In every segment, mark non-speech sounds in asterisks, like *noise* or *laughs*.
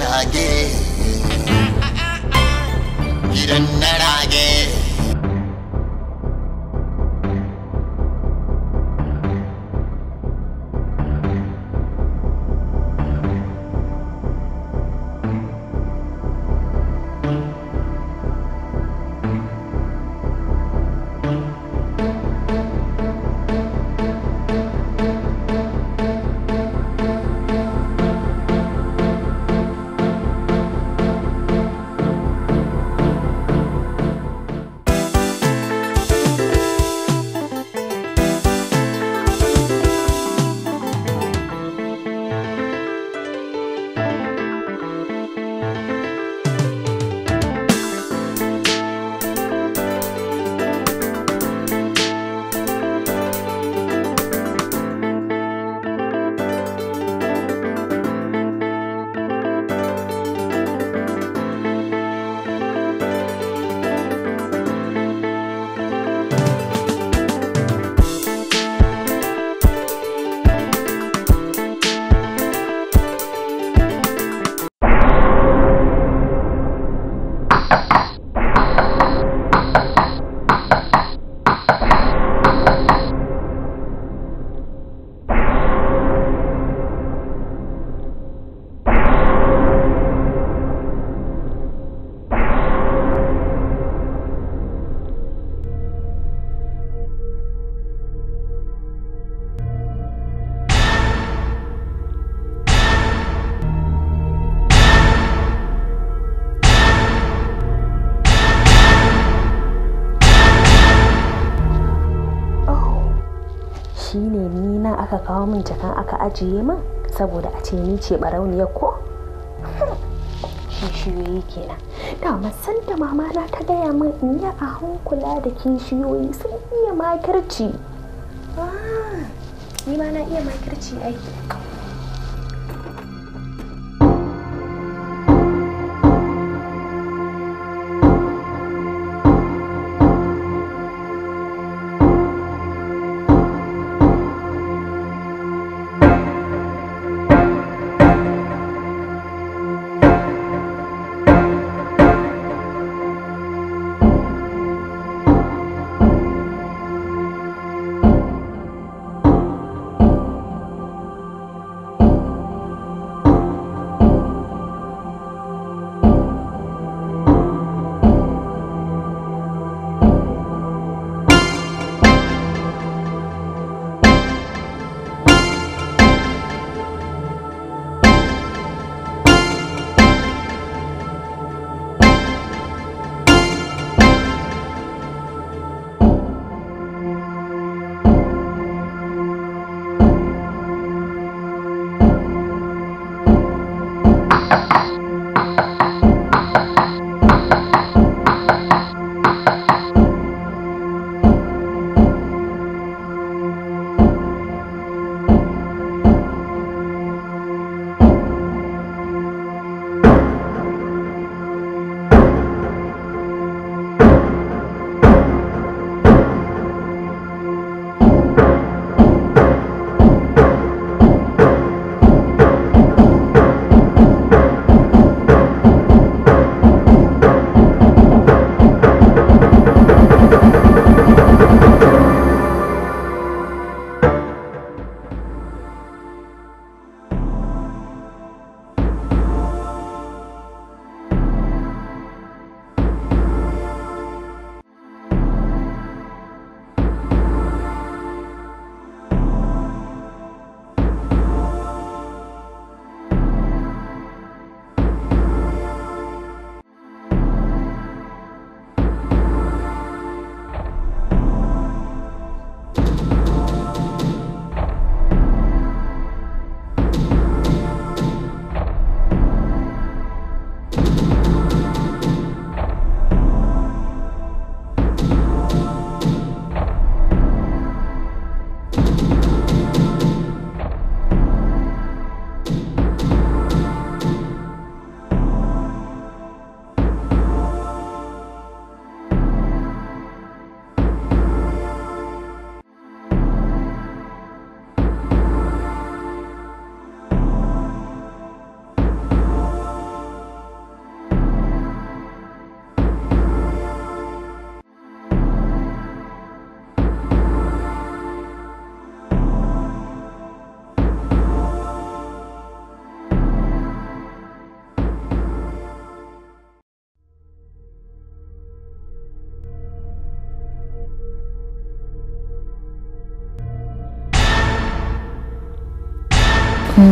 na gidan kawo min jakan aka ajiye min saboda a ce ni ce barauniya ko kishiyoyi kenan dama san da mama na ta gaya min in yi a hankula da kishiyoyi sun iya makirci ah, ni ma na iya makirci aiki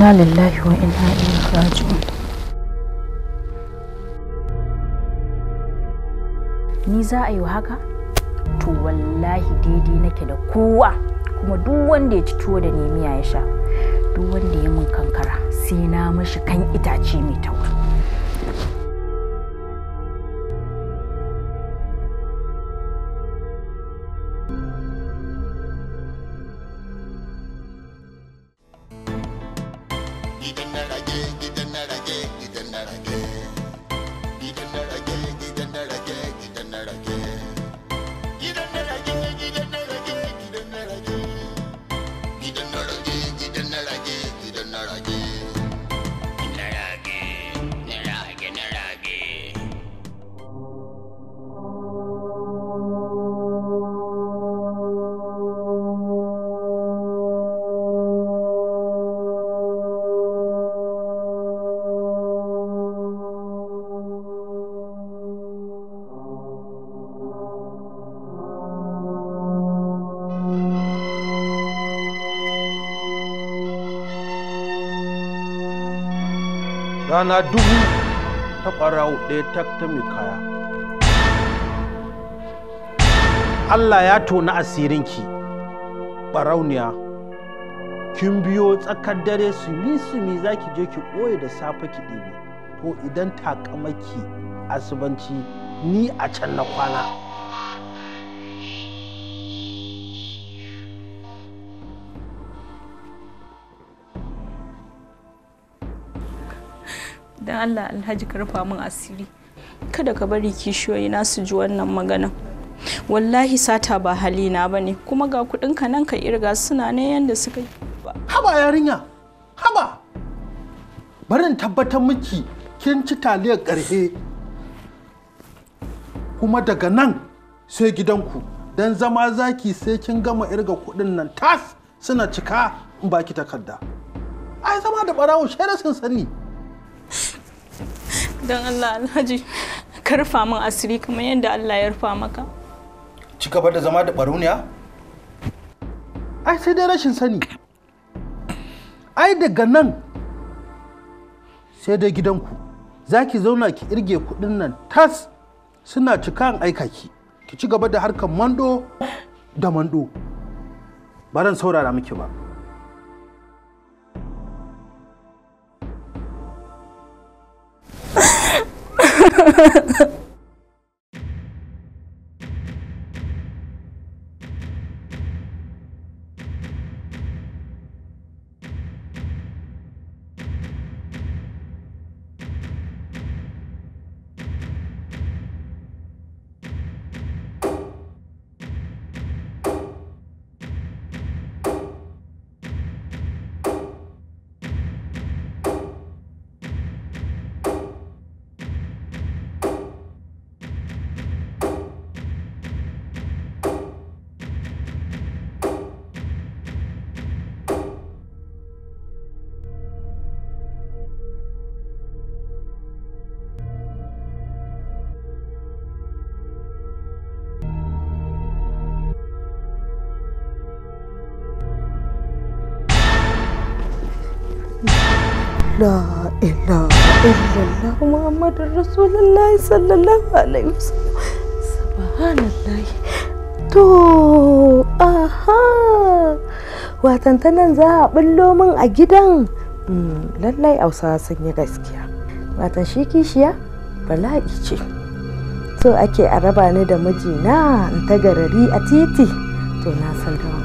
inna lillahi wa inna ilaihi raji'un ni za a yi wa haka to wallahi daidai nake da kowa kuma duk wanda ya ci tuwo da miya ya sha duk wanda ya mun kankara sai na mashi kan itace mai tawa. rana dubu ta ɓarawo ɗaya ta ta kaya Allah ya tona asirinki ɓarauniya kin biyo tsakar dare su sumi za ki je ki ɓoye da safe ki ɗebe ko idan takamaki asibanci ni a can na kwana dan allah alhaji karfa rufa min asiri kada ka bari kishiyoyi na su ji wannan maganan wallahi sata ba halina ba ne kuma ga kudin ka nan ka irga suna ne yadda suka yi haba yarinya haba barin tabbatar miki kin ci taliyar karhe kuma daga nan sai gidanku don zama zaki sai kin gama irga kudin nan tas suna cika in baki takarda ai zama da barawo shaida sun sani don Allah alhaji ka rufa min asiri kamar yadda Allah ya rufa maka ci gaba da zama da baruniya ai sai dai rashin sani ai daga nan sai dai gidanku za ki zauna ki irge kudin nan tas suna cika an aika ki ki ci gaba da harkar mando da mando ba zan saurara miki ba Ha ha ha ha ha. la ilaha muhammadur rasulullah sallallahu alaihi wasallam subhanallah to aha watan ta nan za a bullo min a gidan hmm, lallai ausa sun yi gaskiya watan shi kishiya bala'i ce so ake a raba ni da mijina in ta garari a titi to na san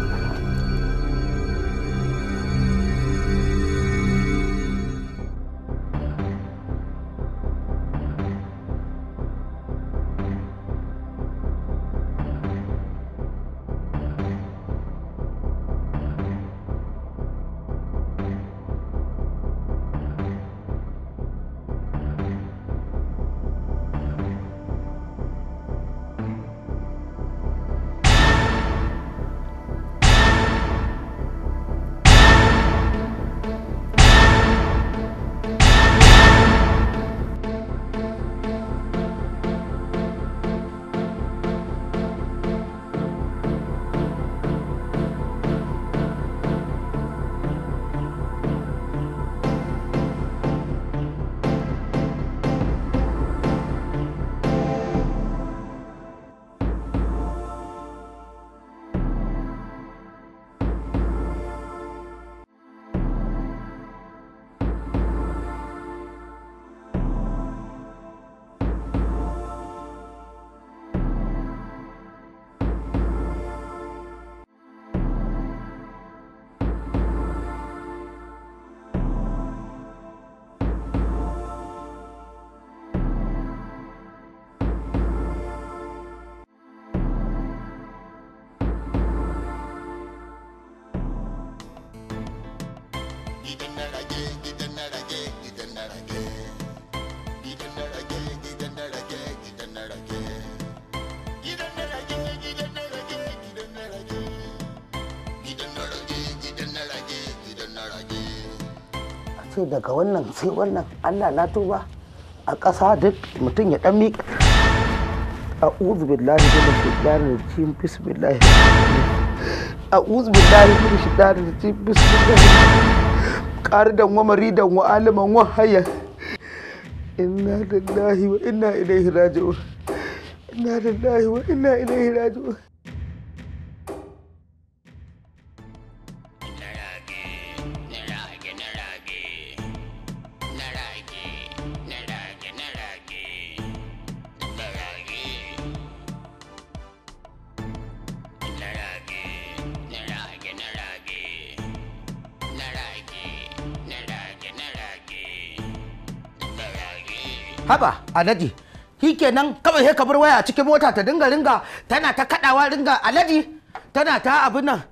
ce daga wannan sai wannan allah na tuba a ƙasa duk mutum ya ɗan miƙa a uzu ɗari da shidarin rajim bismillahi a uzu ɗari da shidarin rajim bismillahi ƙari da wa mari da wa aliman wa haya inna lillahi wa inna ilaihi raji'un inna lillahi wa inna ilaihi raji'un haba shi kenan kawai sai ka bar waya cikin mota ta dinga ringa tana ta kadawa ringa aladi tana ta abin nan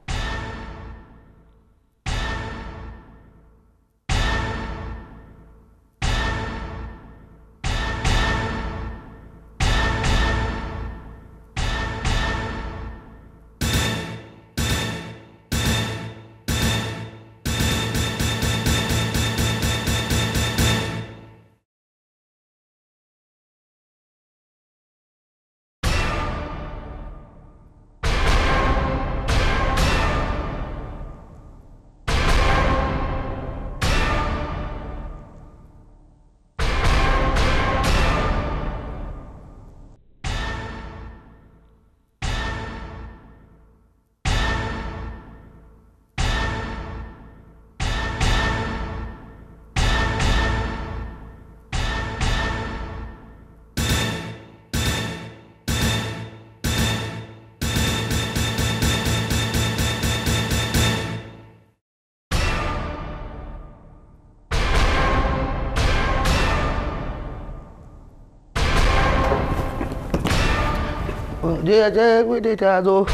je je gudu ta zo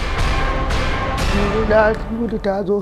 gudu ta zo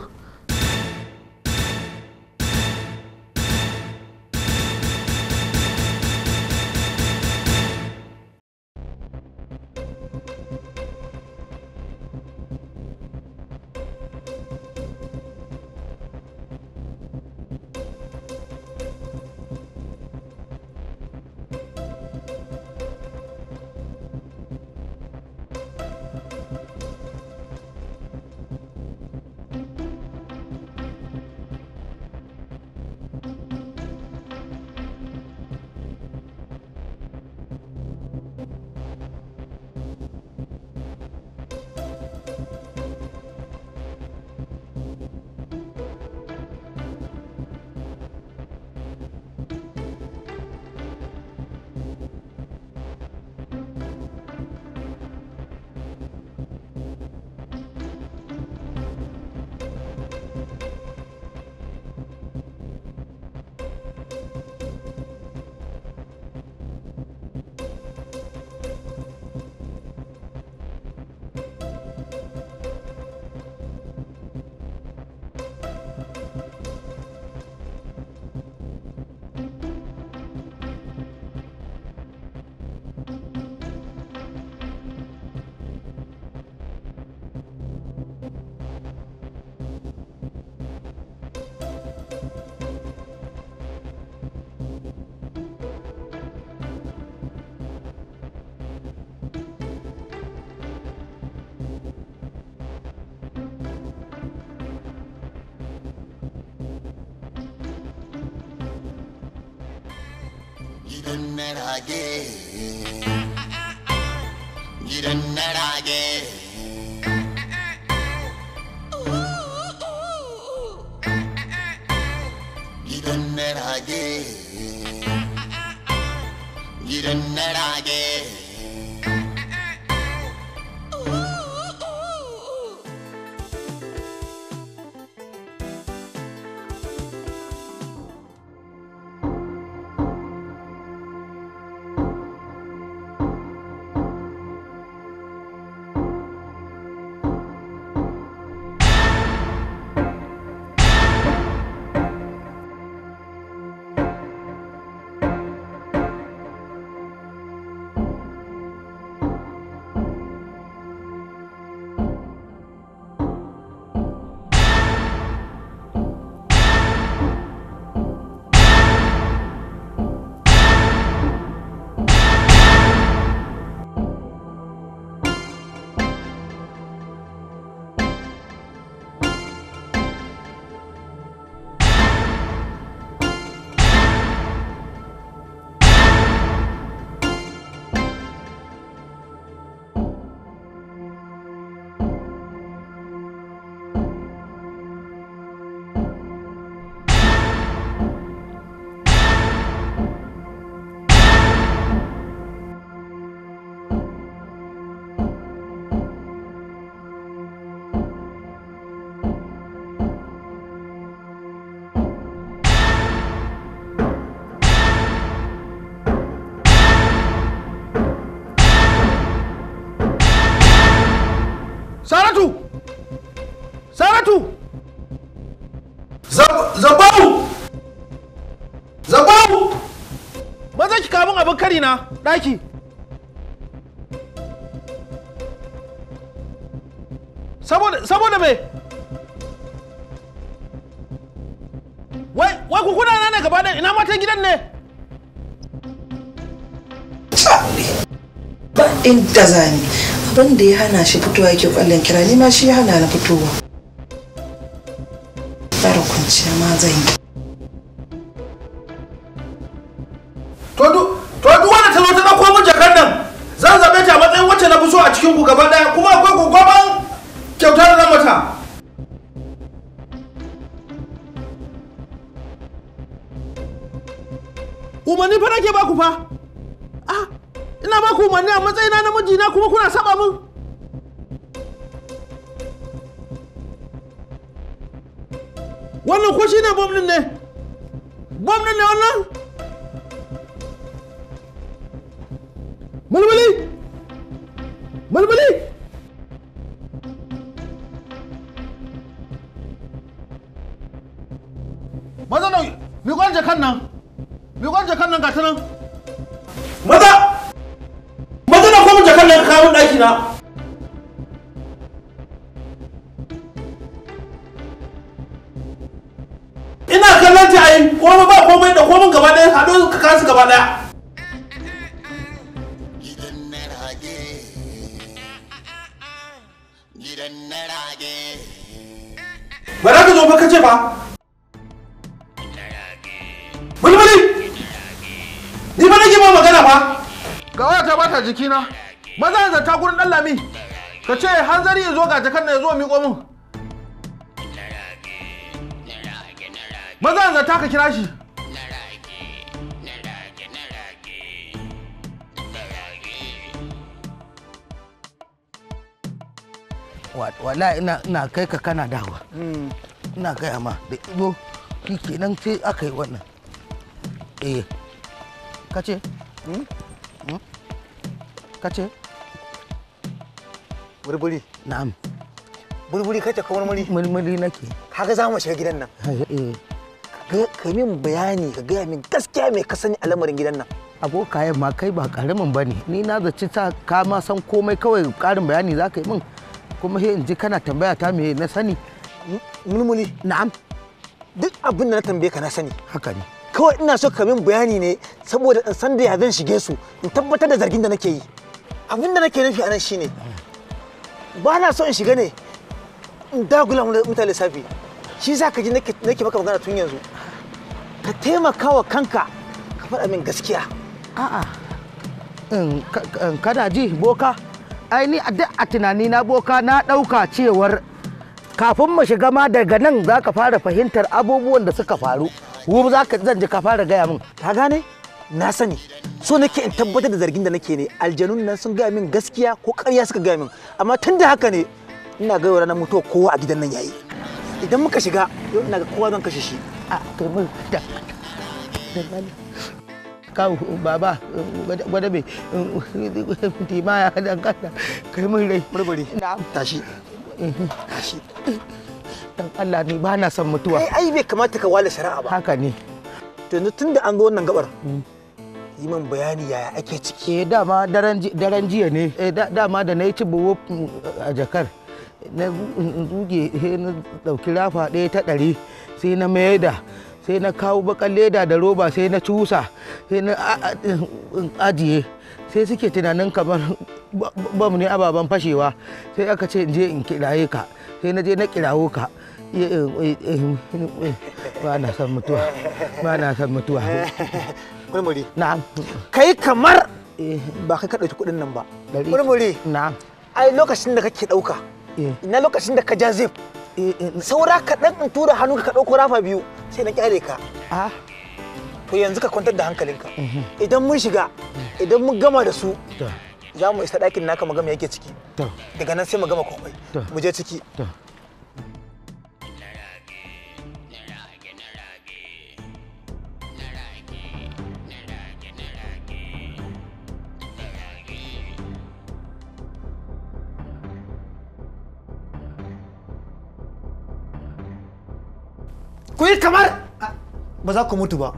didn't that I get. You didn't that I get. saratu saratu zabau zabau maza ki kamun abin kari na ɗaki saboda mai wai wai kuna na gaba da ina matan gidan ne ba inda zani abin da ya hana shi fitowa yake kwallon kira ni ma shi ya hana na fitowa tsara kwanciya ma zan yi to duk wanda ta zo ta ɗauko min jakar nan zan zaɓe ta matsayin wacce na fi so a cikin ku gaba ɗaya kuma akwai gwagwaban kyauta da na mata umarni fa nake ba ku fa matsayina na mijina kuma kuna saba mun wannan ko shine ne din ne mun gaba ɗaya haɗo ka kasu gaba ɗaya ba za ka zo ba kace ba bali bali ni ba nake ba magana ba ga wata bata ta jikina maza za ta gurin ɗallami ka ce hanzari ya zo ga jakar na ya zo miƙo min maza za ta ka kira shi wala ina ina kai ka kana dawa mm. ina kai ma da ido ki kenan sai aka yi wannan eh kace mm? mm? kace burburi na'am burburi kace ka muri murmuri nake kaga za mu shiga gidan nan *laughs* eh ka min bayani ka gaya min gaskiya mai ka sani a lamarin gidan nan abokayen ma kai ba karamin ba ne ni na zaci ta ka ma san komai kawai karin bayani za ka yi min kuma sai in ji kana tambaya ta me na sani mulmuli na'am duk abin da na tambaye ka na sani haka ne kawai ina so ka min bayani ne saboda in san da ya zan shige su in tabbatar da zargin da nake yi abin da nake nufi anan shine ba na so in shiga ne in dagula mutane lissafi shi za ka ji nake maka magana tun yanzu ka taimaka wa kanka ka faɗa min gaskiya a'a kada ji boka aini a duk a tunani na boka na ɗauka cewar kafin mu shiga ma daga nan za ka fara fahimtar abubuwan da suka faru wuri za zan ji ka fara gaya min ka gane na sani so nake in tabbatar da zargin da nake ne aljanun nan sun gaya min gaskiya ko ƙarya suka gaya min amma tun da haka ne ina gaiwa ranar mutuwa kowa a gidan nan yayi idan muka shiga yau ina ga kowa zan kashe shi a kai mun da kawo baba gwadabe timaya dan kanta kai min rai burburi tashi mhm. tashi dan Allah ni ba na son mutuwa ai ai bai kamata ka wale shari'a ba haka ne to yanzu da an zo wannan gabar mm. yi min bayani yaya ake ciki eh dama daren jiya ne eh dama da na yi ci buwo mm, a jakar na zuge mm, na dauki rafa ɗaya ta ɗari sai na da. sai na kawo bakan leda da roba sai na cusa sai na ajiye sai suke tunanin kamar bam ne ababen fashewa sai aka ce je in kiraye ka sai na je na kirawo ka eh, eh, eh, ba na san mutuwa ba na san mutuwa kai kamar ba kai ka kuɗin nan ba kulmuri na ai lokacin da kake ɗauka ina lokacin da ka ja zip saura kaɗan in tura hannu ka ɗauko rafa biyu sai na kyale ka to yanzu ka kwantar da hankalinka mhm. idan mun shiga idan mun gama da su za mu isa ɗakin naka mu gama yake ciki daga nan sai mu gama kwakwai mu je ciki ba za ku mutu ba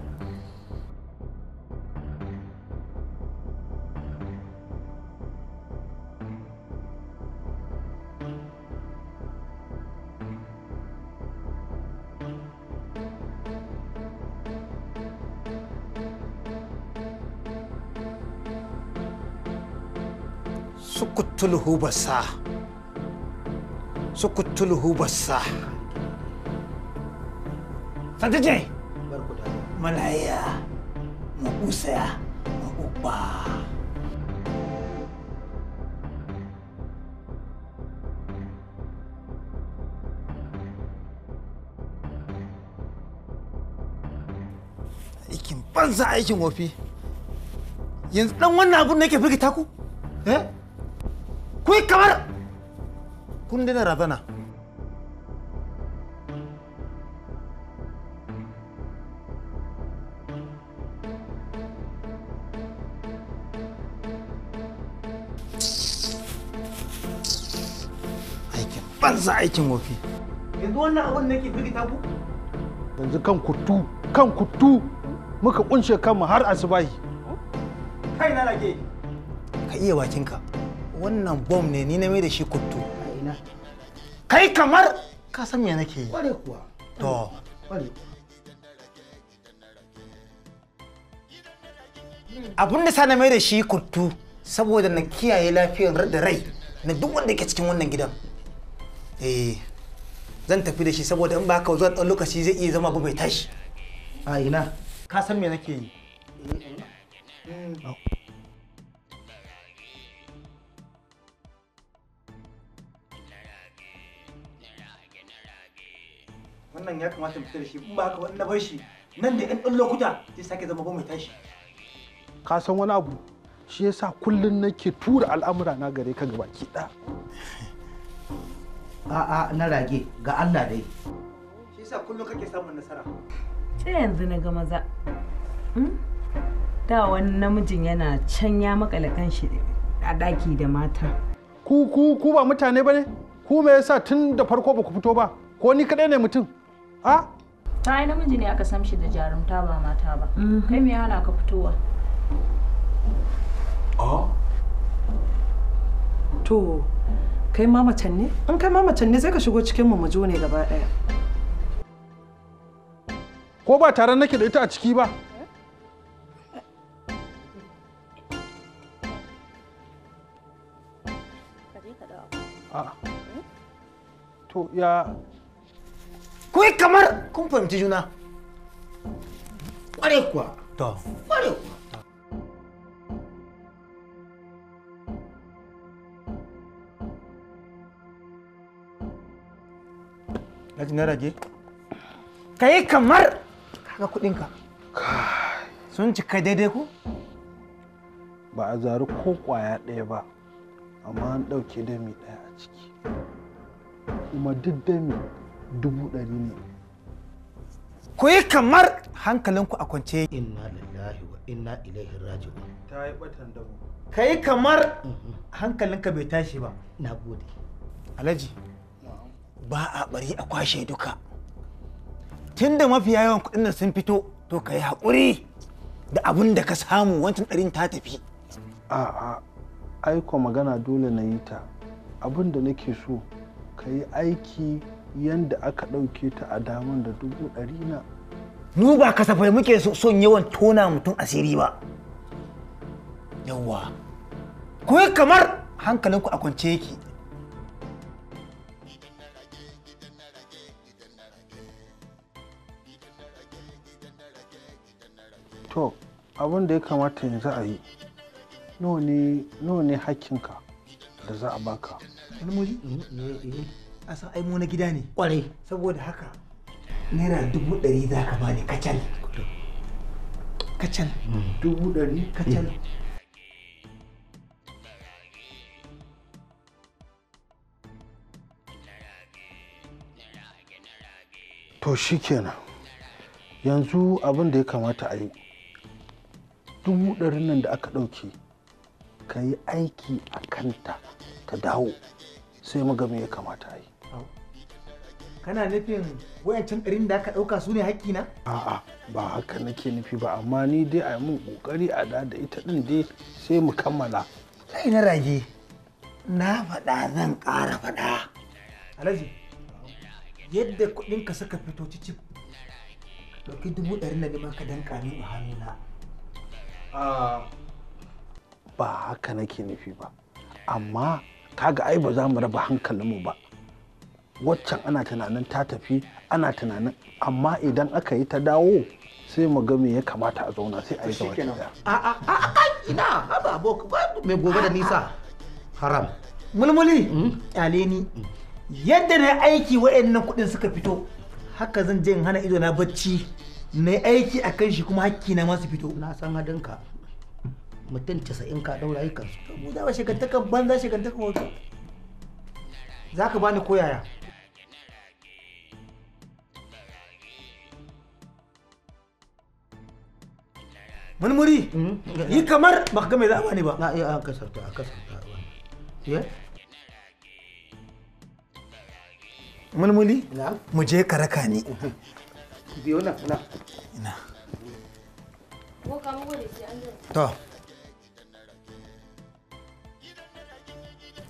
sukutulhu basa sukutulhu basa sadije malaya mukusea mukupa aikin banza aikin wofi yanzu dan wannan abun da yake firgita ku eh kuyi kamar kun dina razana banza aikin wofi yanzu wannan abin nake firgita ku yanzu kan kutu kan kutu muka kunshe kanmu har asubahi kai na rage ka iya bakinka wannan bom ne ni na mai da shi kutu kai kamar ka san me nake yi kware kuwa to abin da sa na mai da shi kuttu saboda na kiyaye lafiyar da rai na duk wanda ke cikin wannan gidan eh zan tafi da shi saboda in ba ka zuwa ɗan lokaci zai iya zama ba bai tashi a ina ka san me nake yi wannan ya kamata mu da shi in ba ka wani na bar shi nan da ɗan lokuta zai sake zama ba mai tashi ka san wani abu shi yasa kullum nake tura al'amura na gare ka gaba ki ɗaya a'a na rage ga Allah dai shi yasa kullum kake samun nasara sai yanzu na ga maza hmm? da wani namijin yana can ya makale shi a daki da mata ku ku ku ba mutane bane ku me yasa tun da farko ba ku fito ba ko ni kadai ne mutum a ta yi namiji ne aka samshi da jarumta ba mata ba mm-hmm. kai me yana ka fitowa ah. to kai ma macen ne kai ma macen ne sai ka shigo cikin mu mu ne gaba daya ko ba tare nake da ita a ciki ba to ya kai kamar kun fahimci juna kware kuwa to kware. kuwa Haji na rage? Ka yi kamar kaga kuɗinka. Sun cika daidai ku. Ba a zaru ko ƙwaya ɗaya ba, amma an ɗauke dami ɗaya a ciki. Kuma duk dami dubu ɗari ne. Ku yi kamar hankalinku a kwance. Inna lillahi wa inna ilaihi raji'un. Ta yi batan damu. Ka yi kamar mm-hmm. hankalinka bai tashi ba. Na gode. Alhaji. ba a bari a kwashe duka tunda mafiya yawan kuɗin nan sun fito to ka yi haƙuri da abin da ka samu wancan ɗarin ta tafi a'a aiko magana dole na yi ta abin da nake so ka yi aiki yanda aka ɗauke ta a daman da dubu ɗari na mu ba kasafai muke son yawan tona mutum asiri ba yawwa ku kamar hankalinku a kwance yake abin da ya kamata yanzu a yi nawa ne hakkinka da za a baka almuri mm, eh. a san aimo na gida ne kwarai saboda haka naira dubu ɗari za ka bani kacal kacal mm. dubu ɗari kacal mm. to shi kenan yanzu abin da ya kamata a yi dubu ɗarin nan da aka ɗauke ka yi aiki a kanta ta dawo sai mu me ya kamata yi kana nufin wayancan ɗarin da aka ɗauka su ne hakkina? a'a ba haka nake nufi ba amma ni dai a yi mun ƙoƙari a da da ita ɗin dai sai mu kammala Sai na rage na faɗa zan ƙara faɗa alhaji yadda kuɗinka suka fito cicip ɗauki dubu ɗari na ma ka danƙa ni a hannuna ba haka nake nufi ba amma kaga ai ba za mu raba hankalinmu ba waccan ana tunanin ta tafi ana tunanin amma idan aka yi ta dawo sai mu ga me ya kamata a zauna sai a yi zaune a a a ina haba bok mai gobe da nisa haram mulmuli hmm? kyale yadda na aiki wa'annan kuɗin suka fito haka zan je in hana ido na bacci mai aiki a kan shi kuma hakki na masu fito na san hadin ka mutum casa'in ka daura yi kansu mu za shigantaka banza shigantaka wato za ka bani koyaya murmuri mm-hmm. yi kamar ba ka game za a bani ba na iya an kasarta a kasarta ba wani mulmuli mu je ka raka ni mm-hmm. biyo nan nan ina to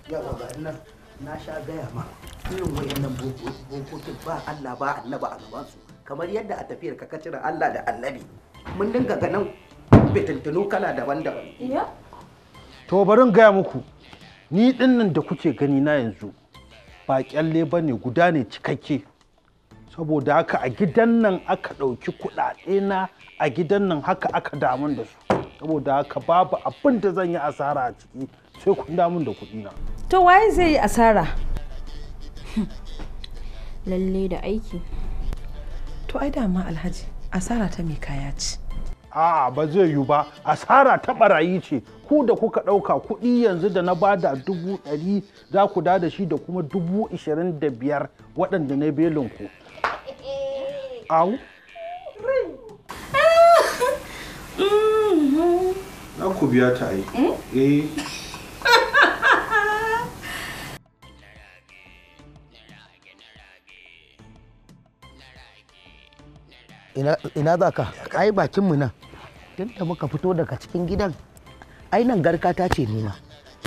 yawa ga nan na sha gaya ma irin wayannan bokokin ba Allah ba annaba a gabansu kamar yadda a tafiyar ka cire Allah da annabi mun dinga ganin fitintunu kala daban-daban to barin gaya muku ni dinnan da kuke gani na yanzu ba kyalle bane guda ne cikakke saboda haka a gidan nan aka ɗauki kuɗaɗe na a gidan nan haka aka damun da su saboda haka babu abin da zan yi asara a ciki sai kun damun da kuɗi na to waye zai yi asara *laughs* lalle da aiki to ai dama alhaji asara ta mai kaya ce a'a ba zai yiwu ba asara ta barayi ce ku da kuka ɗauka kuɗi yanzu da na bada dubu ɗari za ku da shi da kuma dubu ishirin da biyar waɗanda na belin ku Au. Na ku biya ta yi. Hmm? Eh. Ina za ka? Ai bakinmu nan. Tun da muka fito daga cikin gidan, ai nan garka ta ce nuna.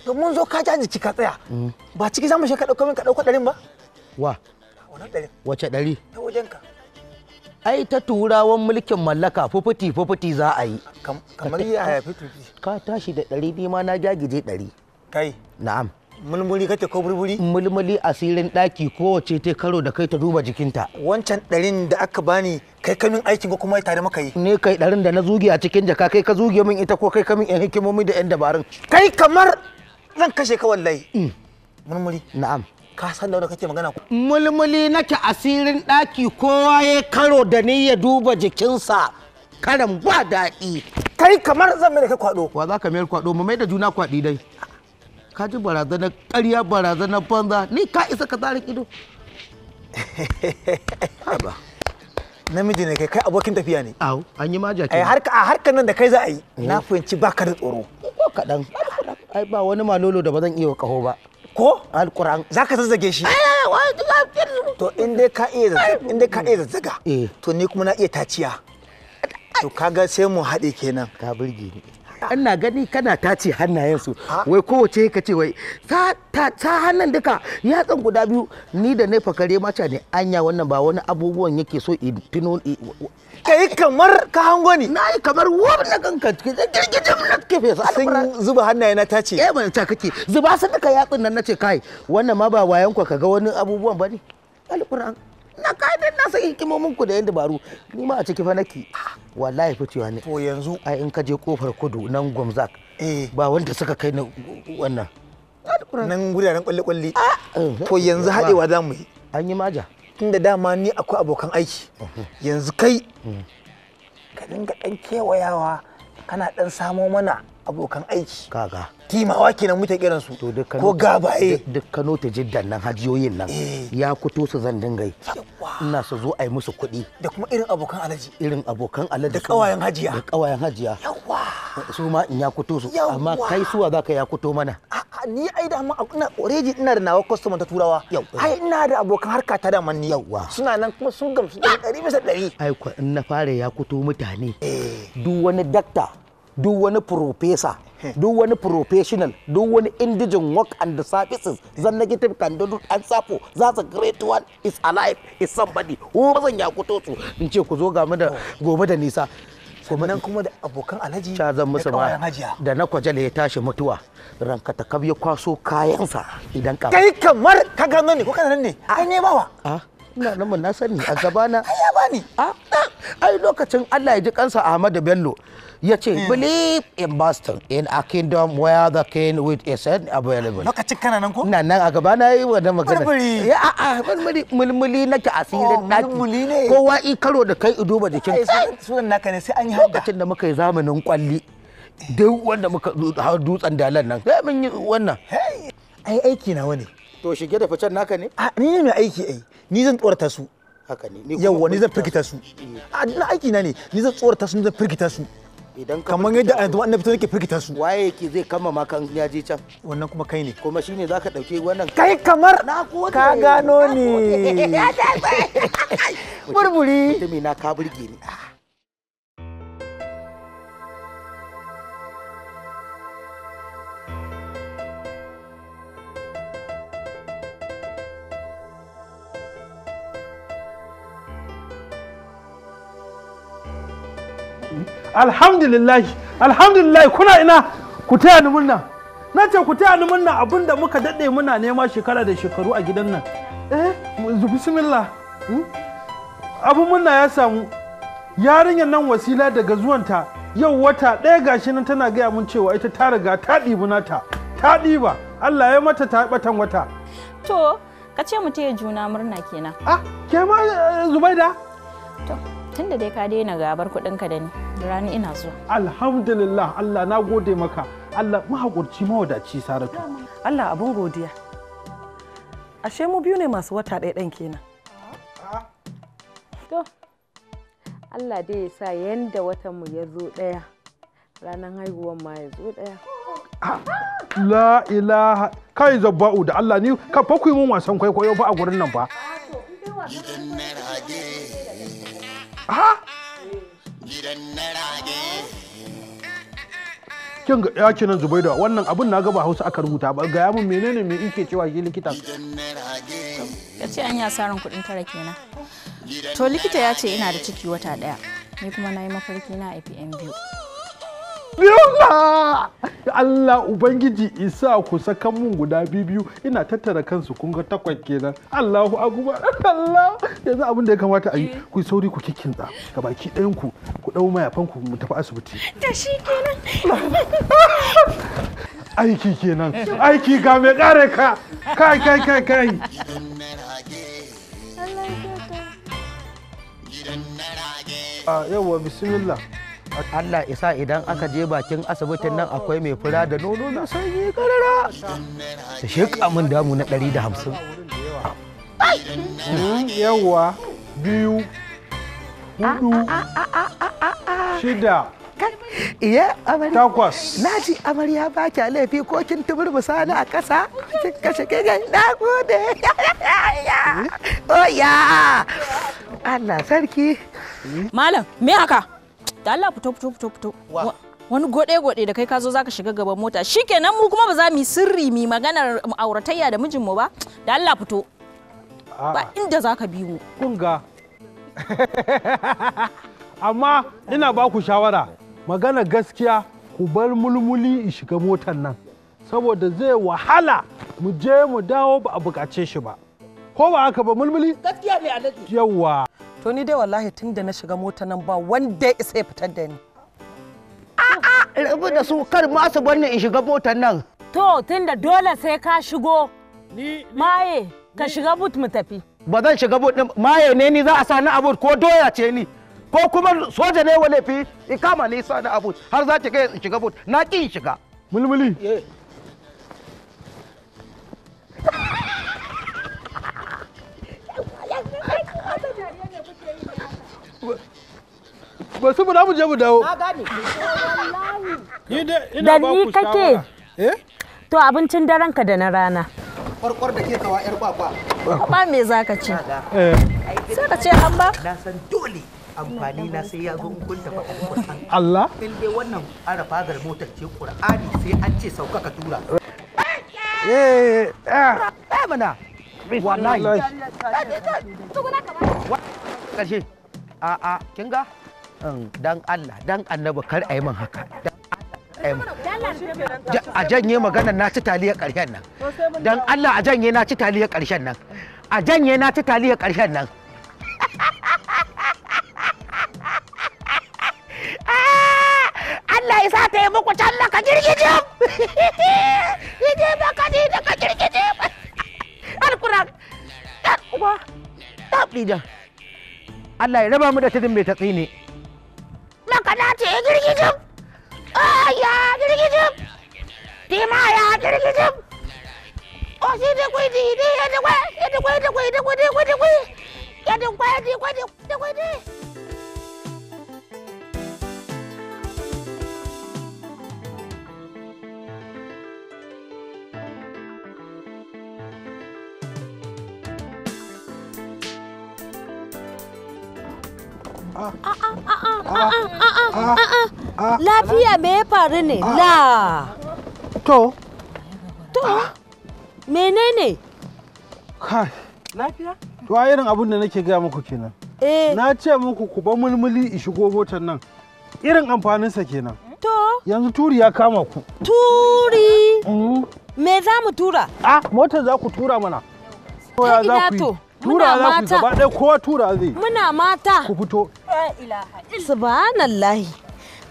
To mun zo ka jaji ka tsaya. Hmm. Ba ciki za mu shi ka ɗauko min ka ɗauko ɗarin ba? Wa? Wannan Wace ɗari? Ta wajenka. ai ta turawan mulkin mallaka fufuti fufuti za a yi kamar yi a fufuti ka tashi da ɗari ni ma na jagije ɗari kai na'am mulmuli kake ko burburi mulmuli asirin ɗaki kowace ta karo da kai ta duba jikinta wancan ɗarin da aka bani kai kamin aikin ko kuma tare maka yi ne kai ɗarin da na zuge a cikin jaka kai ka zuge min ita ko kai kamin yan hikimomi da yan dabarun kai kamar zan kashe ka wallahi mm. mulmuli na'am ka san da kake magana ku mulmuli nake asirin daki kowa ya karo da ni ya duba jikinsa karan ba daɗi kai kamar zan mai da kai kwado wa za ka mayar kwado mu mai da juna kwadi dai ka ji barazanar ƙarya barazanar banza ni ka isa ka tsara ido *laughs* haba namiji ne kai kai abokin tafiya ne Awo an yi maja ke eh, har a harkar nan da kai za a yi na mm. fahimci baka da tsoro ko kaɗan ai ba wani malolo da ba zan iya kaho ba ko alquran zaka zazzage shi to in ka iya zazzaga eh. to ni kuma na iya taciya to kaga sai mu haɗe kenan ka burge ni ana gani kana tace hannayensu wai kowace ka ce wai ta hannun duka yatsan guda biyu ni da na fakare maca ne anya wannan ba wani abubuwan yake so in tuno yi kamar ka hango ni na yi kamar wannan kanka girgijin na kefe su sun zuba hannaye na tace eh ban ta kake zuba su duka yatsun nan nace kai wannan ma ba wayan ka ga wani abubuwan bane alquran na kaɗin na san hikimomin ku da yan dabaru ni ma a ciki fa nake wallahi fitowa ne to yanzu ai in ka je kofar kudu nan gwamzak eh. ba wanda suka kai na wannan nan guraren kwalle kwalle ah, eh. to yanzu haɗewa za mu yi an yi maja tunda dama ni akwai abokan aiki mhm. yanzu kai mm. ka dinga ɗan kewayawa kana ɗan samo mana abokan aiki kaga timawa kenan muke kiran su ko gabaye dukkano ta jiddan nan hajiyoyin nan eh. ya kuto su zan dinga yi ina su zo ai musu kuɗi da kuma irin abokan alaji irin abokan alaji da kawayen hajiya da kawayen hajiya yawa su ma in ya kuto su amma kai suwa zaka ya kuto mana ni ai da ina already ina da nawa customer ta turawa yau ai ina da abokan harka ta da man Yau suna nan kuma sun gamsu da 100 bisa 100 ai ko in na fara ya kuto mutane eh. duk wani doctor duk wani professor duk wani professional duk wani indigen work and the services zan negative can do and sapo za a great one is alive is somebody who bazan ya kuto su in ce ku zo ga da gobe da nisa nan kuma da abokan alhaji cha zan musu ba da na kwajale ya tashi mutuwa ranka ta kab ya kwaso kayansa idan ka kai kamar ka nan ne ko kana nan ne ai ne bawa ina nan mun na sani a gabana ai ya bani a ai lokacin Allah ya ji kansa Ahmadu Bello ya ce hmm. believe in Boston in a kingdom where the king with a set available lokacin kana nan ko na nan a gaba na yi wannan magana ya a a mulmuli oh, mulmuli ki. asirin ne kowa i karo da kai duba jikin sunan naka ne sai an yi lokacin da muka yi zamanin kwalli duk wanda muka dutsen dalan nan sai mun yi wannan ai aiki na ne to shige da ficen naka ne a ni ne mai aiki ai ni zan tsorata su haka ne yawwa ni zan firgita su a aiki na ne ni zan tsorata su ni zan firgita su idan kamar yadda a yanzu annabi nake firgita su waye yake zai kama ma kan ya je can wannan kuma kai ne kuma shine zaka dauke wannan kai kamar ka gano ni burburi *laughs* *laughs* mutumi na ka burge ni ah. alhamdulillahi alhamdulillahi kuna ina ku taya ni murna na ce ku taya ni murna da muka daɗe muna nema shekara da shekaru a gidan nan eh bismillah hmm? abu murna ya samu yarinyar nan wasila daga zuwanta yau wata ɗaya gashi nan tana gaya mun cewa ita ta riga ta ɗibi nata ta ɗiba Allah ya mata ta batan wata to ka ce mu taya juna murna kenan ah ke ma eh, zubaida to tunda dai ka daina gabar kuɗinka da ni da rani ina zuwa alhamdulillah Allah na gode maka Allah mahaƙurci mawadaci saratu Allah abin godiya ashe mu biyu ne masu wata ɗaya ɗan kenan to Allah dai ya sa yanda watan mu ya zo ɗaya ranar haihuwan ma ya zo ɗaya la ilaha kai zabba'u da Allah ni ka fakwai ku mun wasan kwaikwayo ba a gurin nan ba ha gidan na rage kin ga ya kinan zubaida wannan abun na gaba hausa aka rubuta ba ga yamin menene me yake cewa ke likita ya ce an yi asarin kuɗin tara kenan to likita ya ce ina da ciki wata daya ni kuma na yi mafarki na IPM biyu Yola! Allah Ubangiji isa ku saka mun guda biyu ina tattara kansu kun ga takwas kenan. Allahu akbar. Allah! Yanzu abin da ya kamata a yi eh. ku sauri ku kikinta ga baki ɗayan ku ku dau mayafan ku mu tafi asibiti. ta shi kenan. *laughs* Aiki kenan. Aiki ga mai kare ka. Kai kai kai kai. Allah ya yawa ah, bismillah. Allah isa idan aka je bakin asibitin nan akwai mai fura da nono na sanyi karara ta sheƙa min damu na ɗari da 150 yawa biyu hudu ah, ah, ah, shida iya amarya takwas na ji amarya ba kya laifi ko kin tumur misali a ƙasa kin kashe kigan na gode *laughs* oya oh, Allah sarki malam me haka da Allah fito fito fito fito wani gode gode da kai ka zo zaka shiga gaban mota shikenan mu kuma ba za mu sirri mu maganar auratayya da mijinmu ba da Allah fito ba inda zaka bi mu kun ga *laughs* amma ina ba ku shawara magana gaskiya ku bar mulmuli in shiga motar nan saboda zai wahala mu je mu dawo ba a bukace shi ba ko ba haka ba mulmuli gaskiya ne alaji yawwa to ni dai wallahi tun da na shiga mota nan ba wanda isa ya fitar da ni a'a rabu da su kar ma su bar ni in shiga motar nan to tun da dole sai ka shigo Ni maye ka shiga but mu tafi ba zan shiga but maye ne ni za a sani abu ko doya ce ni ko kuma soja ne wa laifi ikama ne sa ni abu har za ta kai in shiga but na ki shiga mulmuli eh. ba su mu je mu dawo na gane ni da ina ba ku eh to abincin daren ka da na rana kwarkwar da ke kawa yar kwakwa ba me zaka ce eh. sai ka ce an ba na san dole amfani na sai ya zo kun tafa Qur'an Allah in dai wannan ara fadar motar ce Qur'ani sai an ce sauka ka tura eh eh, eh. Ah, eh mana wallahi karshe a a kin ga Mm. dan Allah dan annabi kar a yi min haka a janye magana na ci taliya ƙarshen nan dan Allah a janye na ci taliya ƙarshen nan a janye na ci taliya ƙarshen nan *laughs* Allah ya sa ta yi muku talla ka girgije *laughs* yaje ba ka ni da ka girgijin *laughs* alkuran ɗan Allah ya raba mu da tudun mai tatsi ne. Lakanace girgijin! Aya girgijin! Timaya girgijin! Osi da kwai di di ya da kwai ya da kwai da kwai da kwai da kwai da kwai ya da kwai di kwai da kwai da kwai Lafiya me ya faru ne? Ah. La. To. To. Ah. Menene? Kai. Lafiya? To a irin abin da nake gaya muku kenan. Eh. Na ce muku ku ba mulmuli i shigo motar nan. Irin amfaninsa kenan. To. Yanzu turi ya kama ku. Turi. Mm. Me za mu tura? A, ah, motar za ku tura mana. Ta ina to. tura za ku gaba ɗaya kowa tura zai muna mata ku fito subhanallahi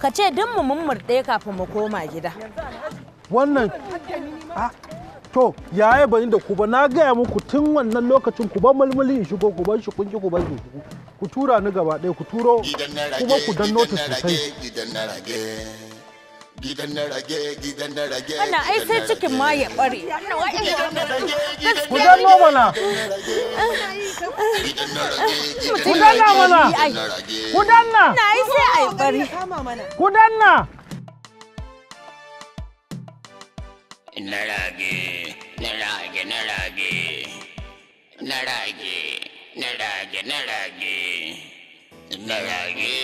ka ce don mu mun murɗe kafin mu koma gida wannan to yaya bani da ku ba na gaya muku tun wannan lokacin ku ba mulmuli in shigo ku ban shi kun ku ban shi ku tura ni gaba ɗaya ku turo kuma ku dan notice sosai gidan na rage gidan na rage ana ai sai cikin ma ya bare ku danno mana ku danna mana ku danna na ai sai ai bare ku danna na rage na rage na rage na rage na rage na rage na rage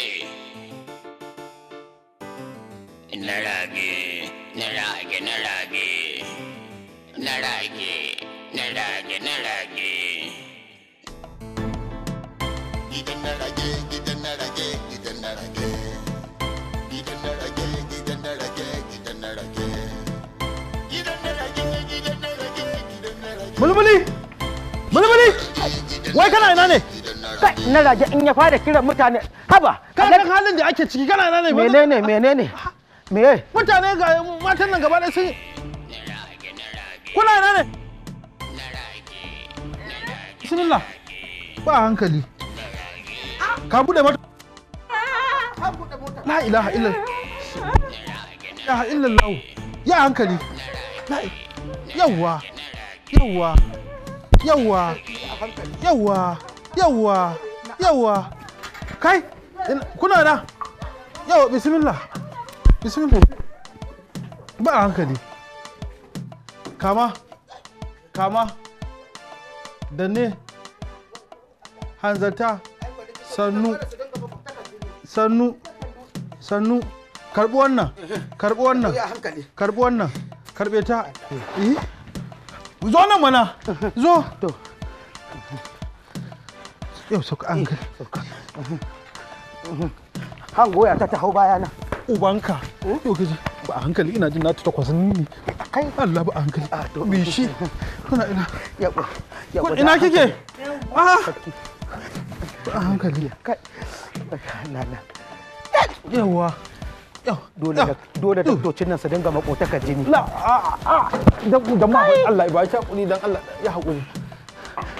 ನಡಾಗಿ ನಡಾಗಿ ನಡಾಗಿ ನಡಾಗಿ ನಡಾಗಿ ನಡಾಗಿ ಇದನ್ನಡಗೆ ಇದನ್ನಡಗೆ ಇದನ್ನಡಗೆ ಇದನ್ನಡಗೆ ಇದನ್ನಡಗೆ ಇದನ್ನಡಗೆ mulmuli mulmuli wai kana ina ne kai ina rage in ya fara kiran mutane haba kana halin da ake ciki kana ina ne menene menene me mutane ga matan nan gaba da sun kuna yana ne bismillah ba hankali ka bude mota. la ilaha illa la illa allah ya hankali yawwa yawwa yawwa yawwa yawwa yawwa kai kuna na yawwa bismillah bismillah ba a hankali kama kama danne hanzarta sannu sannu sannu karbi wannan karbi wannan karbi wannan karbe ta eh? zo nan mana zo to yau sauka an sauka hango ya ta ta hau bayana ubanka to gaji ba a hankali ina jin nata takwas ne kai Allah ba a hankali me shi kuna ina yabo yabo ina kike a a hankali kai na na yawa dole dole doktocin nan su dinga makotaka jini la a a dan ku Allah ba baki hakuri dan Allah ya hakuri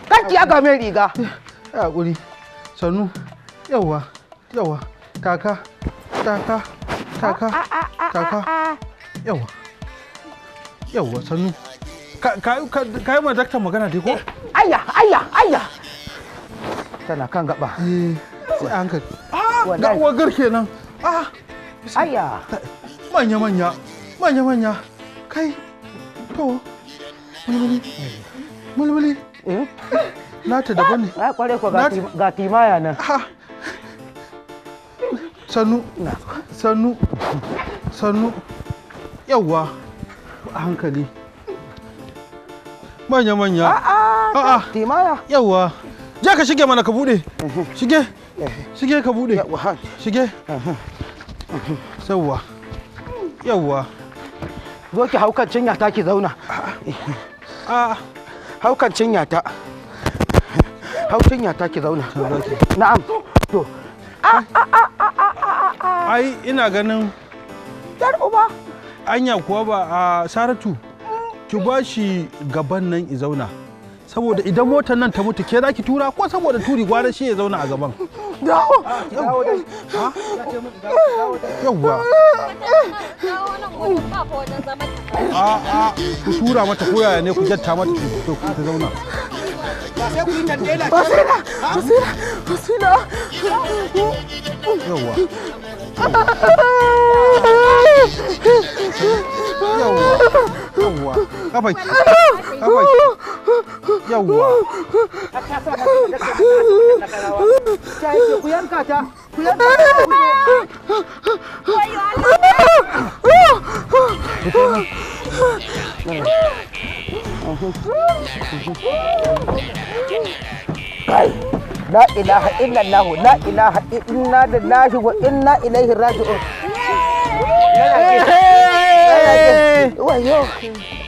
kaki aka mai riga ya hakuri sannu yawa yawa kaka kaka kaka ah, ah, ah, kaka yawa yawa sannu ka yi ma daktar magana dai ko eh, aya aya aya tana kan gaba eh. sai a hankali ga wagar kenan aya manya manya manya manya kai to mulmuli mulmuli eh? nata daban ne ga timaya nan sannu sannu sannu yawwa a hankali manya manya a'a timaya yawwa je ka shige mana ka bude shige shige ka bude shige yawwa yawwa zo ki haukan cinyata ki zauna a haukan cinyata haukan cinyata ki zauna na'am to a ai ina ganin yar uba anya kuwa ba a saratu ki mm. ba shi gaban nan i zauna saboda idan motar nan ta mutu ke za ki tura ko saboda turi gwara shi ya zauna a gaban dawo ah, dawo yawwa a a ku tura mata ko yaya ne ku jatta mata ku ta zauna basira basira basira yawwa quá, các các các phải, phải, các yauwa kafai kafai yauwa ku yanka ta ku yanka ta Bye. la ilaha illallah la ilaha inna lillahi wa inna ilaihi raji'un